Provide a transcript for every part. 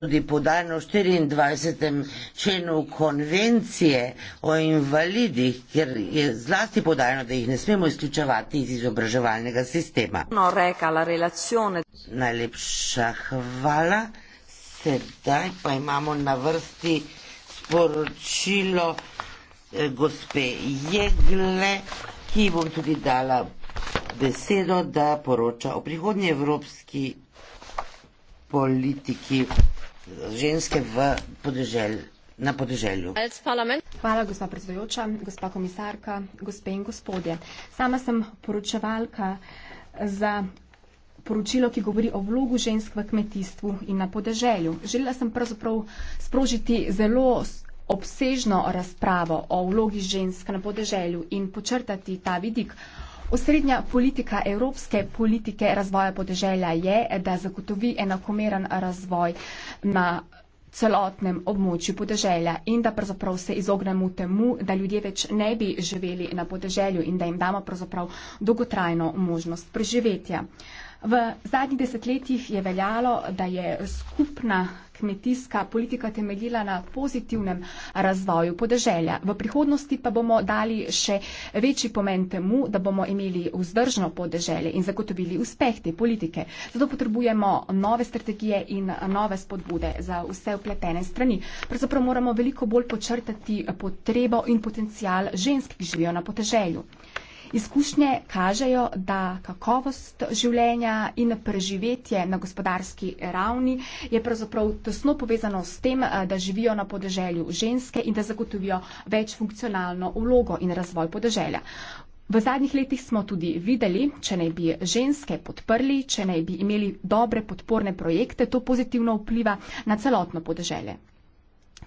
tudi podano v 24. členu konvencije o invalidih, ker je zlasti podano, da jih ne smemo izključevati iz izobraževalnega sistema. No, rekala, Najlepša hvala. Sedaj pa imamo na vrsti sporočilo eh, gospe Jegle, ki bom tudi dala besedo, da poroča o prihodnji evropski politiki ženske v podežel, na podeželju. Hvala, gospa predsedujoča, gospa komisarka, gospe in gospodje. Sama sem poročevalka za poročilo, ki govori o vlogu žensk v kmetijstvu in na podeželju. Želela sem pravzaprav sprožiti zelo obsežno razpravo o vlogi žensk na podeželju in počrtati ta vidik Osrednja politika evropske politike razvoja podeželja je, da zagotovi enakomeren razvoj na celotnem območju podeželja in da pravzaprav se izognemo temu, da ljudje več ne bi živeli na podeželju in da jim damo pravzaprav dolgotrajno možnost preživetja. V zadnjih desetletjih je veljalo, da je skupna kmetijska politika temeljila na pozitivnem razvoju podeželja. V prihodnosti pa bomo dali še večji pomen temu, da bomo imeli vzdržno podeželje in zagotovili uspeh te politike. Zato potrebujemo nove strategije in nove spodbude za vse vpletene strani. Pravzaprav moramo veliko bolj počrtati potrebo in potencial žensk, ki živijo na podeželju. Izkušnje kažejo, da kakovost življenja in preživetje na gospodarski ravni je pravzaprav tesno povezano s tem, eh, da živijo na podeželju ženske in da zagotovijo več funkcionalno vlogo in razvoj podeželja. V zadnjih letih smo tudi videli, če naj bi ženske podprli, če naj bi imeli dobre podporne projekte, to pozitivno vpliva na celotno podeželje.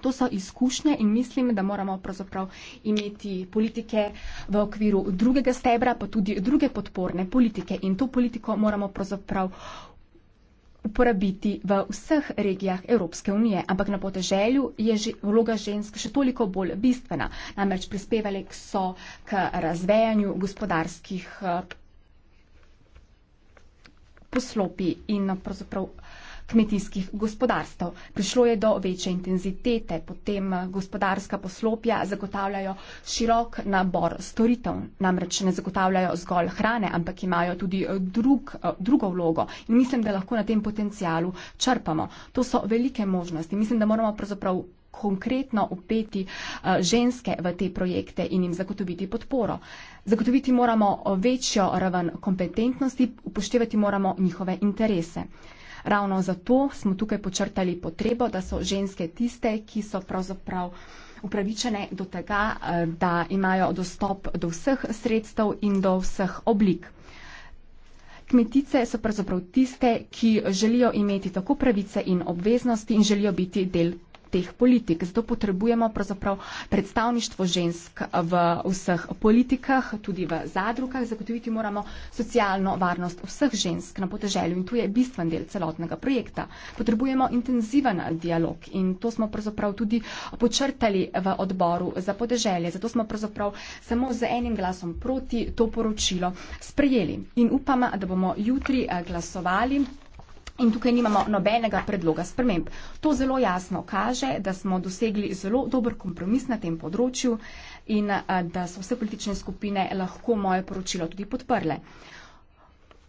To so izkušnje in mislim, da moramo pravzaprav imeti politike v okviru drugega stebra, pa tudi druge podporne politike in to politiko moramo pravzaprav uporabiti v vseh regijah Evropske unije. Ampak na podeželju je že vloga žensk še toliko bolj bistvena. Namreč prispevali so k razvejanju gospodarskih eh, poslopi in pravzaprav kmetijskih gospodarstv. Prišlo je do večje intenzitete, potem gospodarska poslopja zagotavljajo širok nabor storitev. Namreč ne zagotavljajo zgolj hrane, ampak imajo tudi eh, drug, eh, drugo vlogo in mislim, da lahko na tem potencijalu črpamo. To so velike možnosti. Mislim, da moramo pravzaprav konkretno upeti eh, ženske v te projekte in jim zagotoviti podporo. Zagotoviti moramo večjo raven kompetentnosti, upoštevati moramo njihove interese. Ravno zato smo tukaj počrtali potrebo, da so ženske tiste, ki so pravzaprav upravičene do tega, eh, da imajo dostop do vseh sredstev in do vseh oblik. Kmetice so pravzaprav tiste, ki želijo imeti tako pravice in obveznosti in želijo biti del teh politik. Zato potrebujemo predstavništvo žensk v vseh politikah, tudi v zadrugah. Zagotoviti moramo socialno varnost vseh žensk na podeželju in tu je bistven del celotnega projekta. Potrebujemo intenziven dialog in to smo tudi počrtali v odboru za podeželje. Zato smo samo z enim glasom proti to poročilo sprejeli. In upam, da bomo jutri eh, glasovali in tukaj nimamo nobenega predloga sprememb. To zelo jasno kaže, da smo dosegli zelo dober kompromis na tem področju in eh, da so vse politične skupine lahko moje poročilo tudi podprle.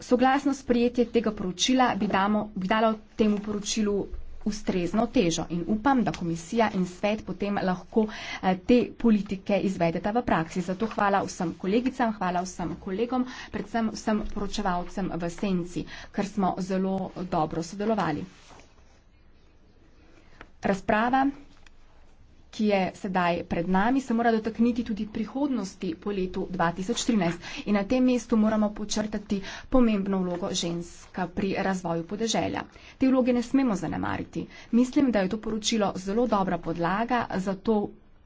Soglasno sprejetje tega poročila bi, damo, bi dalo temu poročilu ustrezno težo in upam, da komisija in svet potem lahko eh, te politike izvedeta v praksi. Zato hvala vsem kolegicam, hvala vsem kolegom, predvsem vsem poročevalcem v senci, ker smo zelo dobro sodelovali. Razprava ki je sedaj pred nami, se mora dotakniti tudi prihodnosti po letu 2013. In na tem mestu moramo počrtati pomembno vlogo ženska pri razvoju podeželja. Te vloge ne smemo zanemariti. Mislim, da je to poročilo zelo dobra podlaga za to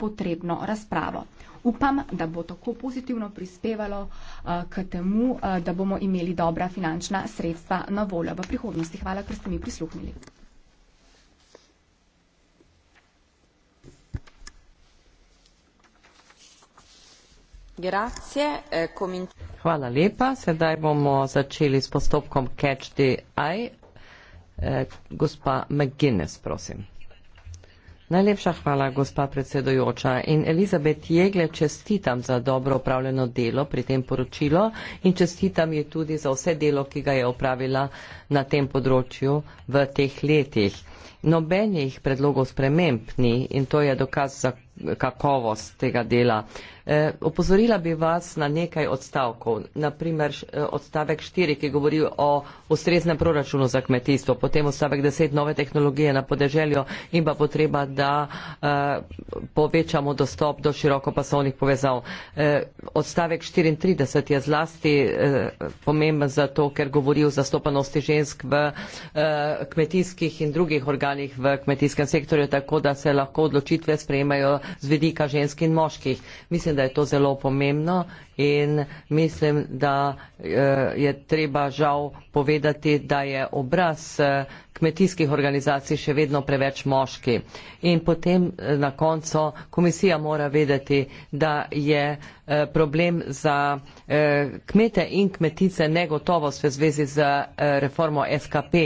potrebno razpravo. Upam, da bo tako pozitivno prispevalo uh, k temu, uh, da bomo imeli dobra finančna sredstva na voljo v prihodnosti. Hvala, ker ste mi prisluhnili. Eh, hvala lepa. Sedaj bomo začeli s postopkom Catch the Eye. Eh, gospa McGuinness, prosim. Najlepša hvala, gospa predsedojoča. In Elizabet Jegle, čestitam za dobro upravljeno delo pri tem poročilu in čestitam ji tudi za vse delo, ki ga je upravila na tem področju v teh letih. Nobenih predlogov sprememb ni in to je dokaz za kakovost tega dela. Eh, opozorila bi vas na nekaj odstavkov, naprimer eh, odstavek 4, ki govori o ustreznem proračunu za kmetijstvo, potem odstavek 10, nove tehnologije na podeželju in pa potreba, da eh, povečamo dostop do širokopasovnih povezav. Odstavek 34 je zlasti pomemben zato, ker govori o zastopanosti žensk v kmetijskih in drugih organih v kmetijskem sektorju, tako da se lahko odločitve sprejemajo z vidika žensk in moških. Mislim, da je to zelo pomembno in mislim, da eh, je treba žal povedati, da je obraz eh, kmetijskih organizacij še vedno preveč moški. In potem eh, na koncu komisija mora vedeti, da je problem za kmete in kmetice negotovost v zvezi z reformo SKP.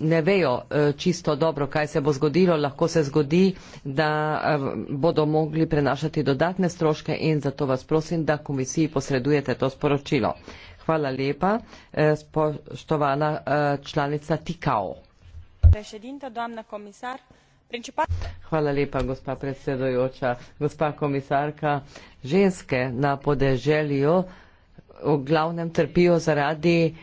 Ne vejo čisto dobro, kaj se bo zgodilo. Lahko se zgodi, da bodo mogli prenašati dodatne stroške in zato vas prosim, da komisija komisiji posredujete to sporočilo. Hvala lepa, eh, spoštovana eh, članica Tikao. Hvala lepa, gospa predsedojoča, gospa komisarka. Ženske na podeželju v glavnem trpijo zaradi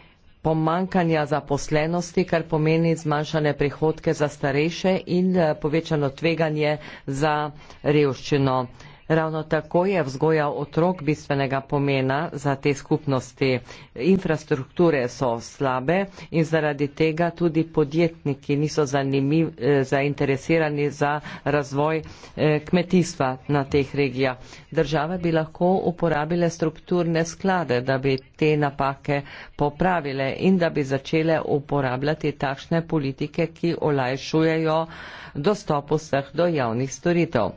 pomankanja zaposlenosti, kar pomeni zmanjšane prihodke za starejše in eh, povečano tveganje za revščino. Ravno tako je vzgoja otrok bistvenega pomena za te skupnosti. Infrastrukture so slabe in zaradi tega tudi podjetniki niso zanimiv, eh, zainteresirani za razvoj eh, kmetijstva na teh regijah. Države bi lahko uporabile strukturne sklade, da bi te napake popravile in da bi začele uporabljati takšne politike, ki olajšujejo dostop vseh do javnih storitev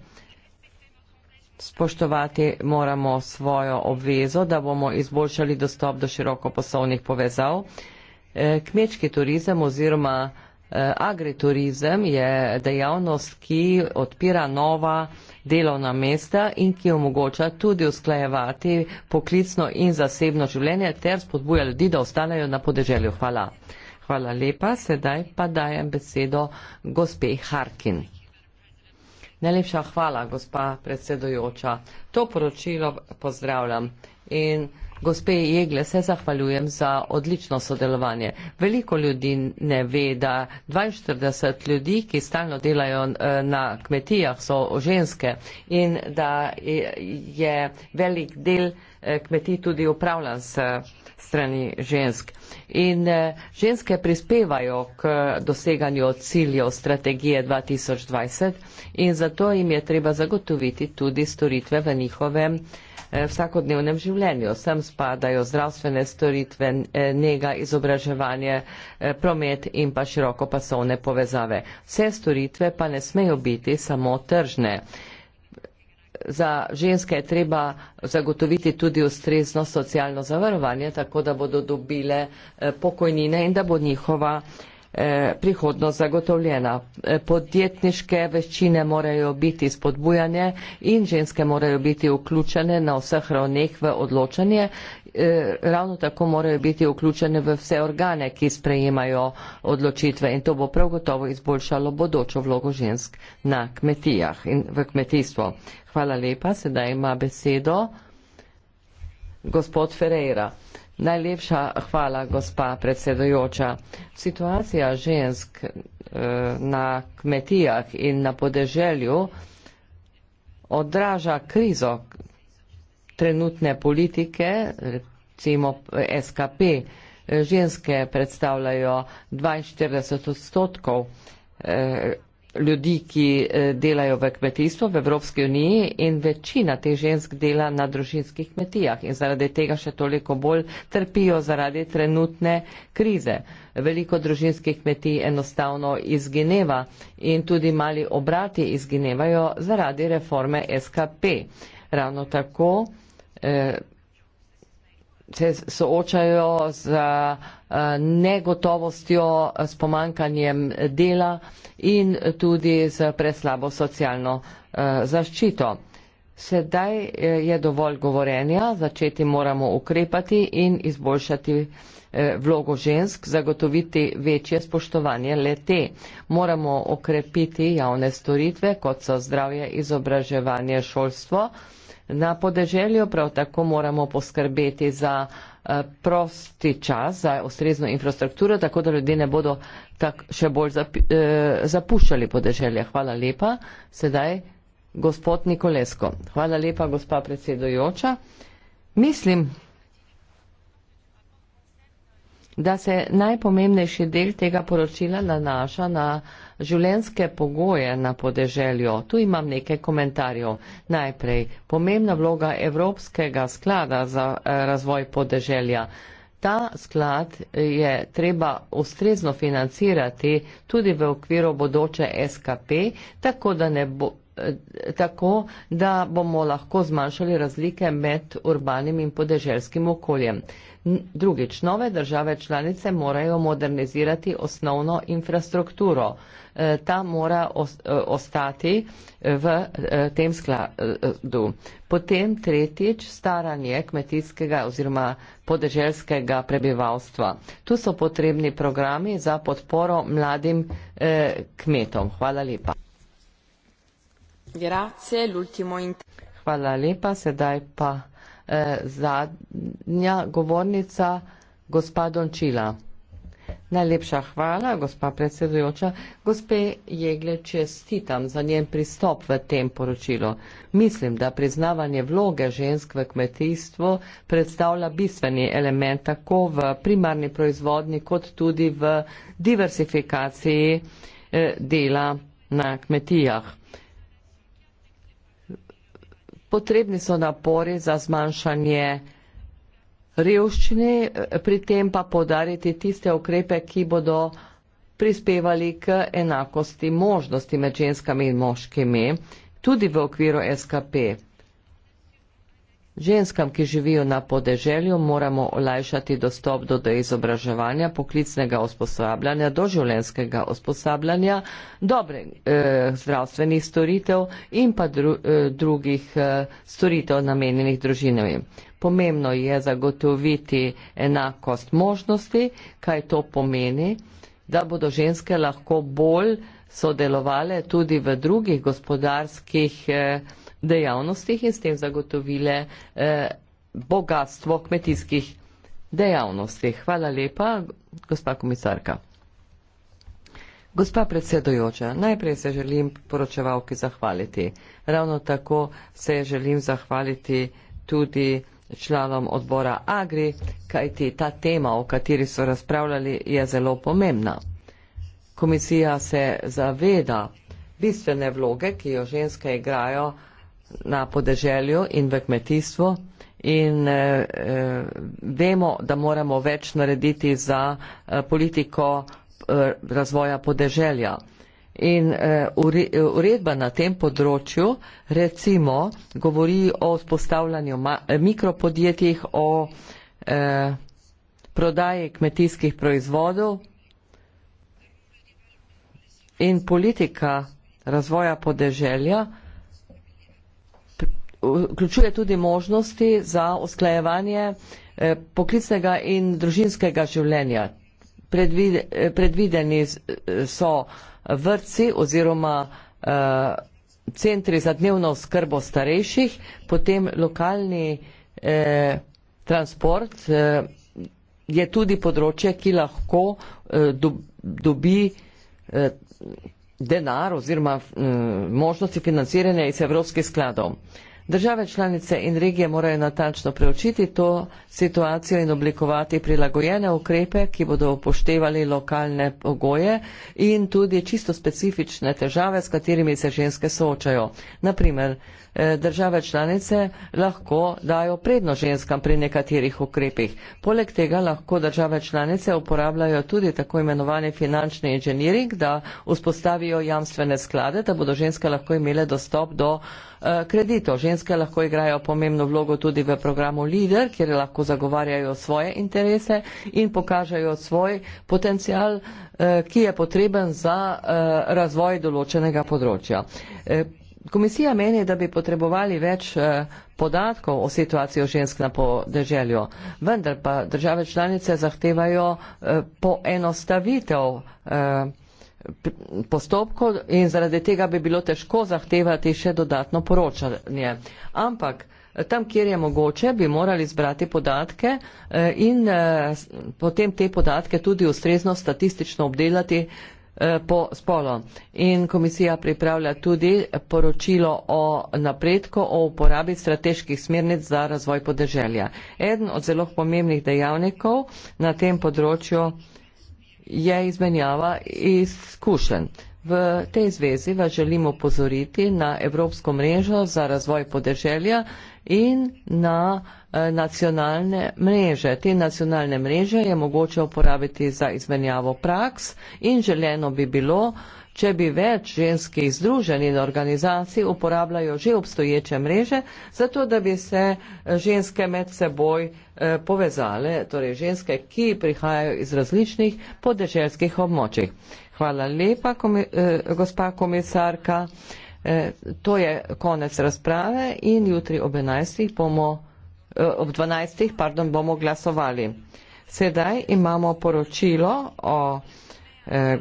spoštovati moramo svojo obvezo, da bomo izboljšali dostop do širokoposovnih povezav. E, kmečki turizem oziroma e, agriturizem je dejavnost, ki odpira nova delovna mesta in ki omogoča tudi usklajevati poklicno in zasebno življenje ter spodbuja ljudi, da ostanejo na podeželju. Hvala. Hvala lepa. Sedaj pa dajem besedo gospej Harkin. Najlepša hvala, gospa predsedujoča. To poročilo pozdravljam in gospe Jegle se zahvaljujem za odlično sodelovanje. Veliko ljudi ne ve, da 42 ljudi, ki stalno delajo eh, na kmetijah, so ženske in da je velik del eh, kmetij tudi upravljan s strani žensk. In eh, ženske prispevajo k doseganju ciljev strategije 2020 in zato jim je treba zagotoviti tudi storitve v njihovem eh, vsakodnevnem življenju. Sem spadajo zdravstvene storitve, njega, eh, izobraževanje, promet in pa široko pasovne povezave. Vse storitve pa ne smejo biti samo tržne za ženske je treba zagotoviti tudi ustrezno socialno zavarovanje, tako da bodo dobile eh, pokojnine in da bo njihova Eh, prihodnost zagotovljena. Eh, podjetniške veščine morajo biti spodbujane in ženske morajo biti vključene na vseh ravneh v odločanje. Eh, ravno tako morajo biti vključene v vse organe, ki sprejemajo odločitve in to bo prav gotovo izboljšalo bodočo vlogo žensk na kmetijah in v kmetijstvo. Hvala lepa, sedaj ima besedo gospod Ferreira. Uh, Najlepša hvala, gospa predsedujoča. Situacija žensk eh, na kmetijah in na podeželju odraža krizo trenutne politike, recimo SKP. Ženske predstavljajo 42 odstotkov eh, ljudi, ki eh, delajo v kmetijstvu v Evropski uniji in večina teh žensk dela na družinskih kmetijah in zaradi tega še toliko bolj trpijo zaradi trenutne krize. Veliko družinskih kmetij enostavno izgineva in tudi mali obrati izginevajo zaradi reforme SKP. Ravno tako. Eh, se soočajo z eh, negotovostjo, s pomankanjem dela in tudi z preslabo socialno eh, zaščito. Sedaj eh, je dovolj govorenja, začeti moramo ukrepati in izboljšati. Eh, vlogo žensk, zagotoviti večje spoštovanje lete. Moramo okrepiti javne storitve, kot so zdravje, izobraževanje, šolstvo. Na podeželju prav tako moramo poskrbeti za eh, prosti čas, za ustrezno infrastrukturo, tako da ljudje ne bodo tak še bolj eh, zapuščali podeželje. Hvala lepa. Sedaj gospod Nikolesko. Hvala lepa, gospa predsedujoča. Mislim, da se najpomembnejši del tega poročila nanaša na življenske pogoje na podeželju. Tu imam nekaj komentarjev. Najprej, pomembna vloga Evropskega sklada za eh, razvoj podeželja. Ta sklad je treba ustrezno financirati tudi v okviru bodoče SKP, tako da ne bo eh, tako, da bomo lahko zmanjšali razlike med urbanim in podeželskim okoljem. Drugič, nove države članice morajo modernizirati osnovno infrastrukturo. E, ta mora e, ostati e, v tem skladu. Potem tretjič, staranje kmetijskega oziroma podeželskega prebivalstva. Tu so potrebni programi za podporo mladim kmetom. Hvala lepa. Grazie, Hvala lepa, sedaj pa. Eh, zadnja govornica, gospa Dončila. Najlepša hvala, gospa predsedujoča. Gospe Jegle, čestitam za njen pristop v tem poročilu. Mislim, da priznavanje vloge žensk v kmetijstvu predstavlja bistveni element tako v primarni proizvodni kot tudi v diversifikaciji eh, dela na kmetijah. Potrebni so napori za zmanjšanje revščine, pri tem pa podariti tiste ukrepe, ki bodo prispevali k enakosti možnosti med ženskami in moškimi, tudi v okviru SKP. Ženskam, ki živijo na podeželju, moramo olajšati dostop do izobraževanja, poklicnega usposabljanja, do življenskega usposabljanja, dobrih eh, zdravstvenih storitev in pa dru, eh, drugih eh, storitev namenjenih družinami. Pomembno je zagotoviti enakost možnosti, kaj to pomeni, da bodo ženske lahko bolj sodelovale tudi v drugih gospodarskih. Eh, dejavnostih in s tem zagotovile eh, bogatstvo kmetijskih dejavnosti. Hvala lepa, gospa komisarka. Gospa predsedojoča, najprej se želim poročevalki zahvaliti. Ravno tako se želim zahvaliti tudi članom odbora Agri, kajti ta tema, o kateri so razpravljali, je zelo pomembna. Komisija se zaveda bistvene vloge, ki jo ženske igrajo uh, na podeželju in v kmetijstvo in eh, eh, vemo, da moramo več narediti za eh, politiko eh, razvoja podeželja. In uh, uredba na tem področju recimo govori o spostavljanju mikropodjetjih, o uh, prodaji kmetijskih proizvodov in politika razvoja podeželja uh, vključuje tudi možnosti za usklajevanje eh, poklicnega in družinskega življenja. Eh, predvideni eh, so vrtci oziroma centri za dnevno skrbo starejših, potem lokalni transport je tudi področje, ki lahko dobi denar oziroma možnosti financiranja iz evropskih skladov. Države članice in regije morajo natančno preučiti to situacijo in oblikovati prilagojene ukrepe, ki bodo upoštevali lokalne pogoje in tudi čisto specifične težave, s katerimi se ženske soočajo. Naprimer, eh, države članice lahko dajo predno ženskam pri nekaterih ukrepih. Poleg tega lahko države članice uporabljajo tudi tako imenovani finančni inženiring, da vzpostavijo jamstvene sklade, da bodo ženske lahko imele dostop do Eh, kreditov. Ženske lahko igrajo pomembno vlogo tudi v programu Leader, kjer lahko zagovarjajo svoje interese in pokažejo svoj potencial, eh, ki je potreben za eh, razvoj določenega področja. Komisija meni, da bi potrebovali več podatkov o situaciji žensk na podeželju, vendar pa države članice zahtevajo poenostavitev postopkov in zaradi tega bi bilo težko zahtevati še dodatno poročanje. Ampak eh, tam, kjer je mogoče, bi morali zbrati podatke eh, in eh, potem te podatke tudi ustrezno statistično obdelati po spolu. In komisija pripravlja tudi poročilo o napredku, o uporabi strateških smernic za razvoj podeželja. Eden od zelo pomembnih dejavnikov na tem področju je izmenjava izkušen. V tej zvezi vas želimo pozoriti na Evropsko mrežo za razvoj podeželja in na eh, nacionalne mreže. Te nacionalne mreže je mogoče uporabiti za izmenjavo praks in želeno bi bilo, Če bi več ženskih združenj in organizacij uporabljajo že obstoječe mreže, zato da bi se eh, ženske med seboj eh, povezale, torej ženske, ki prihajajo iz različnih podeželskih območij. Hvala lepa, komi, eh, gospa komisarka. Eh, to je konec razprave in jutri ob, bomo, eh, ob 12. Pardon, bomo glasovali. Sedaj imamo poročilo o. Eh,